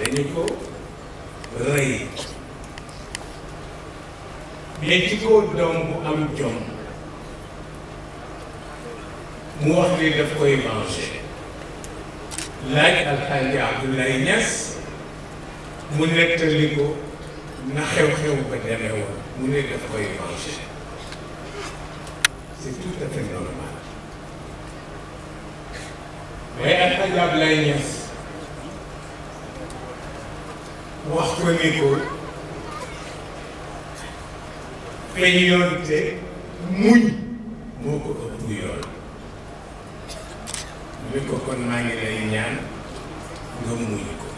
dañu ko rëy mais ci koo doom bu am jom mu wax li daf koy manger laaj alxaaji Abdoulaye Niass mu nettali ko na xew-xew ba demee woon mu ne daf koy manger c'est tout à fait normal mais alxaaji Abdoulaye Niass wax ko ko peñoonte muñ moo ko ëpp yoon mu ni ko kon maa ngi nga muñ ko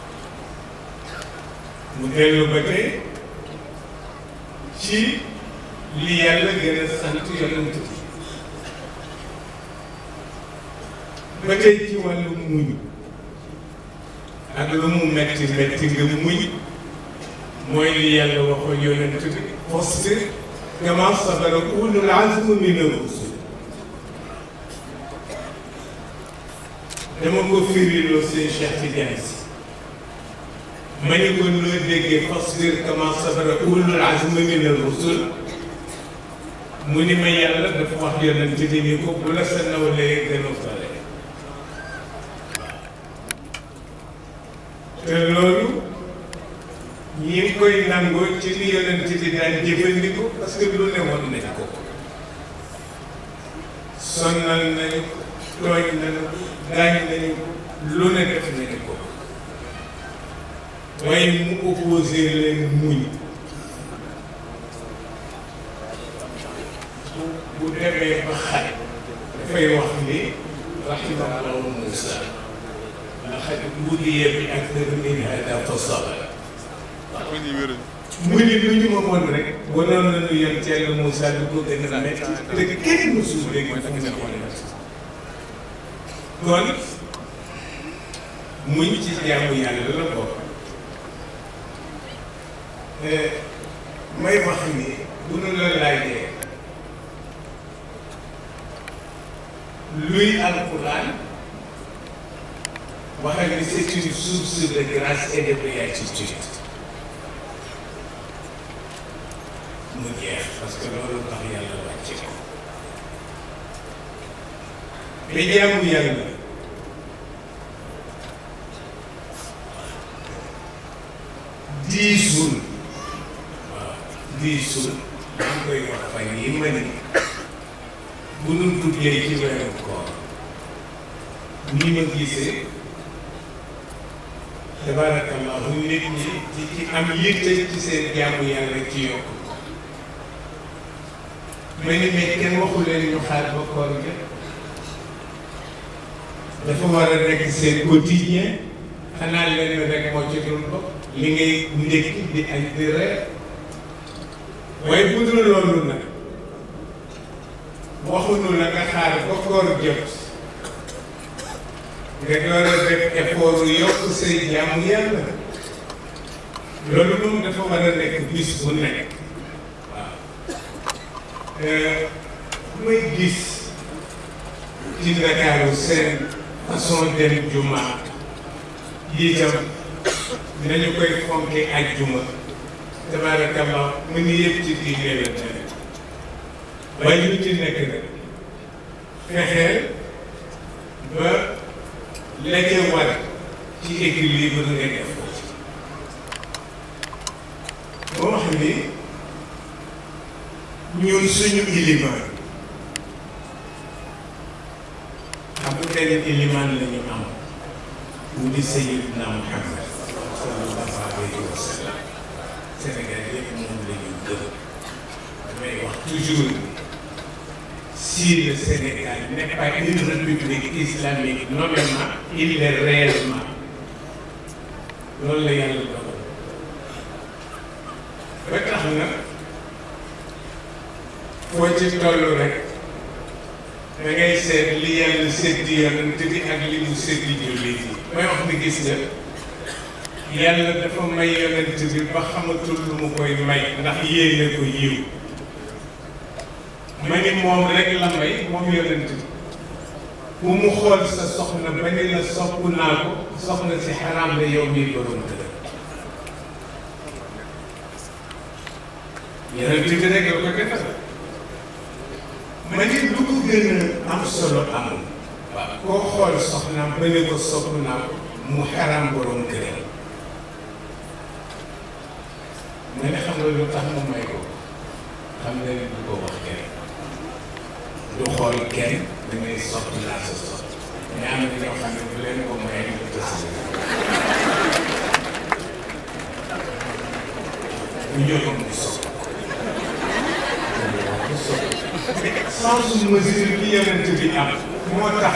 mu dellu ba tey ci li yàlla gën a sant yonent bi ba tey ci wàllu muñ ak lu mu metti metti nga muñ mooy li yàlla waxoon yonent bi fasbir kamaa sabara ulul azmi mina rusul dama ko firiloo seen Cheikh Tidiane si ma ne ko loo déggee fasbir kamaa sabara ulul azmi mina rusul mu ni ma yàlla dafa wax yonent bi ni ko bu la sa nawlee gën a pare te loolu ñi koy nangoo ci li yonent bi daan jëfandikoo parce que lu ne woon nañ ko sonnal nañu ko tooñ nañu ko gaañ lu ne def nañu ko waaye mu opposé leen muñ bu demee ba xare dafay wax ni rahimallahu Moussa ndax bu dee bi ak dëgg min hada fasala mu ngi nii lu ñu ma mën rek wanoon nañu yem Thierno Moussa lu ko gën a métti dëgg kenn mosul léegi fu mu kon muñ ci jaamu yàlla la bokk may wax ni bu nu la laajee luy alquran waxal ni c'est une source de grâce et mu jeex parce que loolu tax yàlla wàcce ko te jaamu yàlla diisul waaw diisul da nga koy wax fan yi ma ni bu nu duggee ci weeru koor ni ma gisee tabaarakallahu nit ñi di ci am yitte ci seen jaamu yàlla ci ma ne mais kenn waxu leen ñu xaar ba koor gi dafa war a nekk seen quotidien xanaa leen rek moo ci dul ko li ngay ndékki di añ di reer waaye bu dul loolu nag waxuñu la nga xaar ba koor jot nga door a def effort yokk say jaamu yàlla loolu moom dafa war a nekk bis bu nekk bu euh, may gis ci Ndakaaru seen façon dem juma yi tam dinañu koy fonke ak juma tabaarakallah mu ni yëpp ci diine la nekk waaye ñu ci nekk nag fexeel ba la ca war ci équilibre nga def ko ñun suñu ilimaan xam nga benn ilimaan la ñu am mu di Seydina Muhammad sallallahu alayhi wa sallam Sénégal yëpp moom la ñu gëm damay wax toujours si le Sénégal n'est pas une république islamique nommément il est réellement loolu la yàlla doon ba tax na foo ci toll rek da ngay seet li yàlla séddi yonent bi ak li mu séddi jullit yi may wax ni gis nga yàlla dafa may yonent bi ba xamatul lu mu koy may ndax yéene ko yiw ma ni moom rek la may moom yonent bi bu mu xool sa soxna ba ni la sopp naa ko soxna si xaraam la yow miy borom kër yonent bi rek la ko defal ma ne lu ko gën a am solo amul waaw koo xool soxnaam ba ne ko soxnaam mu xaram borom këram ma ne xam nga lu tax mu may ko xam nga ne du ko wax kenn du xool kenn dangay soxla laa sa soxla mais am na ñoo xam ne bu leen ko mayee ñu tës bu ñëwoon di soxla fi sens mesure bi yonent bi am moo tax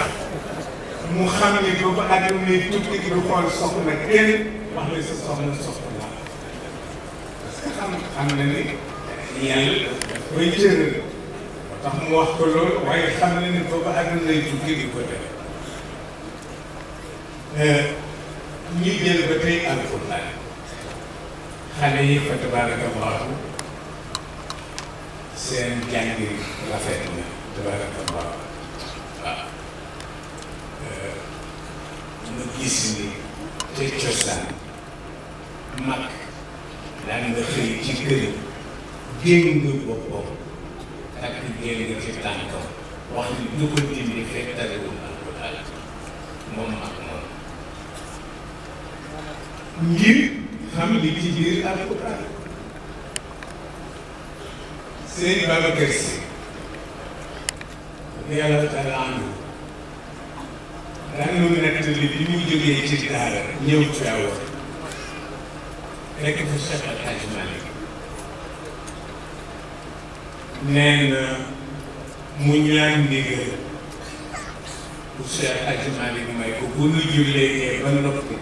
mu xam ne boobu adam ne tukki du xool soxla kenn wax ne sa soxla soxla la parce que xam xam na ne yàlla daf koy cëral tax mu wax ko loolu waaye xam na ne boobu adam lay tukki di ko def ñu jël ba tey alxuraan xale yi fa tabaraka allahu seen jàngi rafet na tabarakallah waaw ma gis ni te cosaan mag nga xëy ci këram génn nga boppam ak génn nga ci tànkam wax ni lu ko dindi fekk tarewul alquran moom mag moom ngir xam li ci biir Serigne Babacar Sy yàlla daal la ànd daan nañu nekk li bi muy jógee ci daara ñëw ci daaw rekk fu Cheikh El Hadj Malick nee na mu ñaan ndigal bu Cheikh El Hadj Malick may ko bu nu jullee ba noppi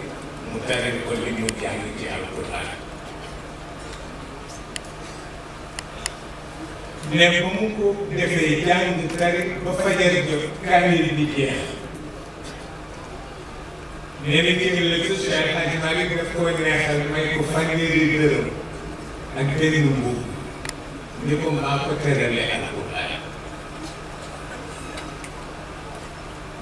mu tere ko li mu jàng ci alquran ne ba mu ko defee jàng tari ba fajar jot kaamil bi jeex ne ni ngeen la gis si ay xaaj Malick daf koo neexal may ko fanweeri dërëm ak benn mbuub ni ko maa ko tëralee alxuraan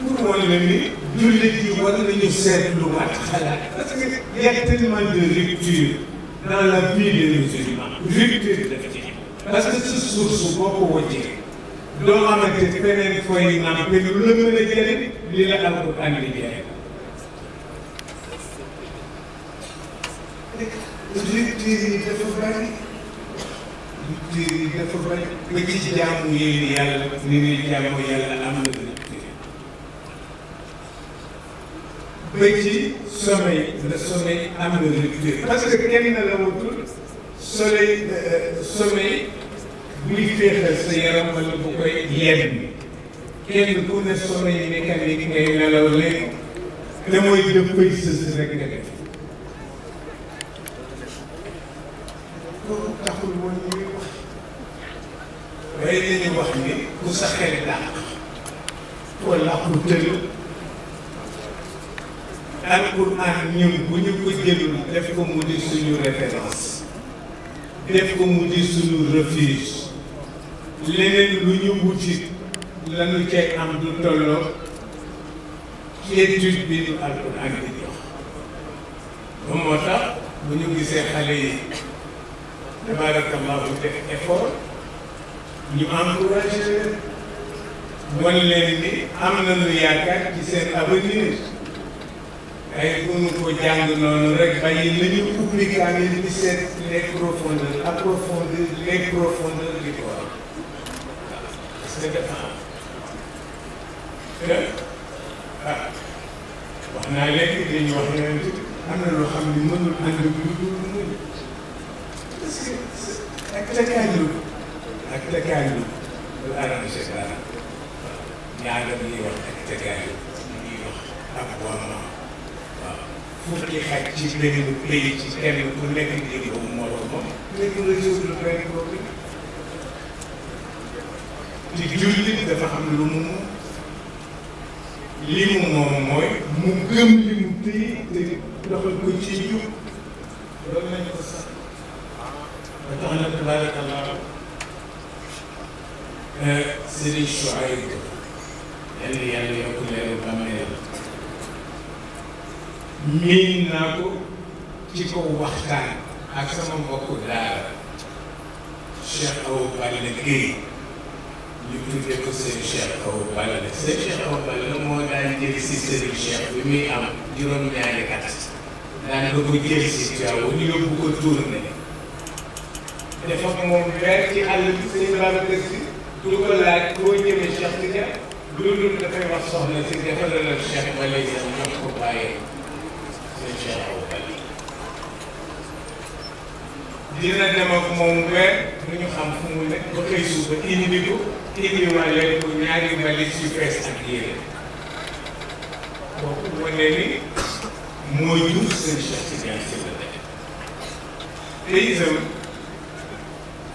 pour wan la ni jullit yi war nañu seetlu waat xalaat parce que y a tellement de rupture dans la vie des musulmans rupture parce que su suuf boo ko wëccee doo amante feneen fooy nampe lu la mën a li la li téere yi dafa bari li téere yi dafa bari ba ci ci ni ñuy jaamu yàlla na gën a téere ba ci sommeil le sommeil am na gën a téere parce que kenn la wutul soleil euh, sommeil buy féexal sa yaram wala bu koy yenn kenn ku ne sommeil mécanique ngay léegi te mooy def koy sës rek nga ku sa xel dàq wala ku bu ñu ko jëlul def ko mu di suñu référence def ko mu di suñu refuge leneen lu ñu wuti lañu cay am du tolloo quiétude bi ñu alxuraan di jox ba moo tax bu ñu gisee xale yi tabarakallahu def effort ñu encouragé leen wan leen am nañu yaakaar ci seen avenir ay mënu ko jàng noonu rek bàyyi la ñu public yi amee li ñu seet les profondeurs approfondir les profondeurs du corps parce que dafa xam te ah wax naa léegi dañuy wax ne am na loo xam ne mënul ànd ak lu dul muñ parce que ak takaalu ak takaalu du arrangé dara ñaar la ñuy wax ak takaalu ñuy wax ak wàllu fukki xaj ci benn pays ci kenn ku nekk léegi boobu moo doon moom léegi nga yóbbu lu benn boobu te dafa xam lu li mu li mu téye te doxal ko ci jub loolu lañu ko sax ba tax na tabaarakallah euh, Serigne Chouaïb miin naa ko ci kaw waxtaan ak sama mbokku daara Cheikh Awa Balla Gueye ñu tuddee ko seen Cheikh Awa Balla seen Cheikh Awa Balla moo daan si Serigne Cheikh bi muy am juróom-ñaari at daanaka ko jël si Thiaw ñu yóbbu ko tourné dafa moom weer ci àll bi seen Babacar si du ko laaj boo jëmee Cheikh Tidiane loolu dafay wax soxna si dafa la Cheikh Balla yi sax ko bàyyee. sëñ Cheikh Awa Balla dina dem ak moom weer lu ñu xam fu mu nekk ba xëy suuf ko indi wàll leen ko ñaari mbalit yu fees ak yére kooku wane ni moo jur sëñ Cheikh Tidiane si la nekk te itam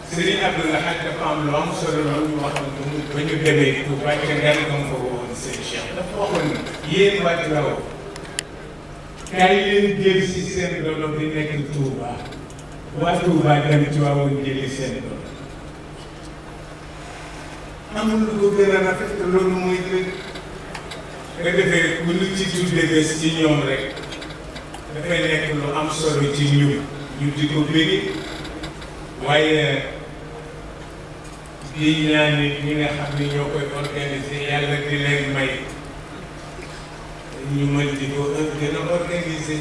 Serigne Abdou Lahad dafa am lu am solo lool ñu waxoon ba ñu demee Touba te nga ne ko woon sëñ Cheikh dafa waxoon yéen waa Tiwaawan kaay leen jël si seen doom di nekk Touba waa Touba dem ci waawoon jëli seen doom amul lu ko gën a rafet loolu mooy dëgg nga defee bu ñu ci tuddee bés ci ñoom rek dafay nekk lu am solo ci ñun ñu di ko bëgg waaye di ñaan ñi nga xam ni ñoo koy organiser yàlla di leen may ñu mën di ko gën a organiser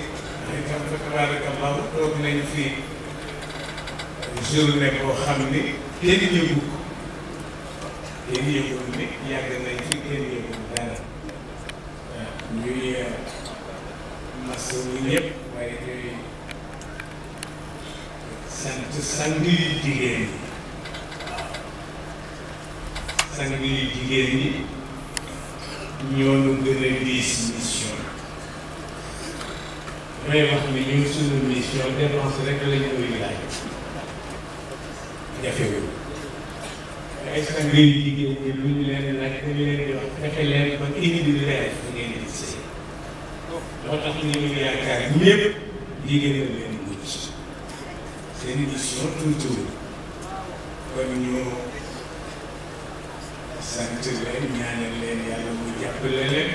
tabarakallahu toog nañu fii journée boo xam ni kenn yëgu ko kenn yëgu ni yàgg nañ fi kenn yëgu dara ñuy euh, masu wu ñëpp waaye ñuy sant sang yu jigéen ñi sang yu jigéen ñi ñoo ñu gën a diis mission damay wax ni ñun suñu mission dépense rek la ñu koy laaj jafewul ay sax réew yi jigéen ñi lu ñu leen laaj dañu leen di wax fexe leen ba individuel fu ngeen di gisee moo tax ñu ngi yaakaar ñëpp jigéen la leen mucc seen mission toujours kon ñoo sant leen ñaanal leen yàlla mu jàppale leen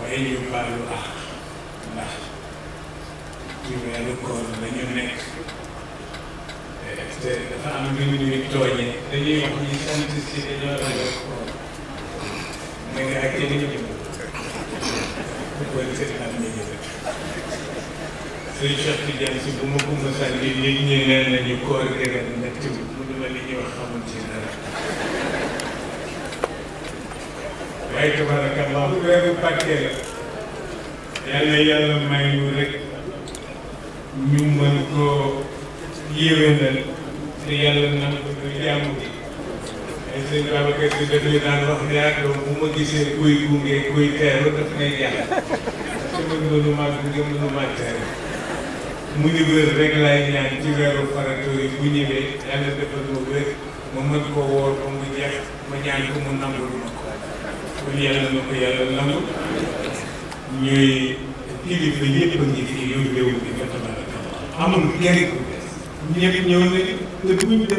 waaye ñu baalu ak ndax ci weeru koor lañu nekk te dafa am lu ñuy tooñe dañuy wax ñu sant si dañoo ragal koor na ngaa kenn jëm wala seen am ñu suñu Cheikh Tidiane si bu ma ko mosal nit ñi nee nañu koor gi ren métti mu ne ma li ñuy wax xamul ci waaye tabarakallah weeru pàccee la yàlla yàlla may ñu rek ñu mën koo yéwénal te yàlla nangu ñu jàmm bi ay sëñ Babacar si daf ñu daan wax ne ak doom ma gisee kuy gunge kuy teeru daf may jàmm su ma mënuma gunge mënuma teeru mu ni wér rek laay ñaan ci weeru farata yi bu ñëwee yàlla defal ma wér ma mën ko woor mu jeex ma ñaan ko mu ma ko kon yàlla na ko yàlla nangu ñuy kilifa yëpp a ngi fi yow réew mi amul kenn ñëpp ñëw nañu te bu ñu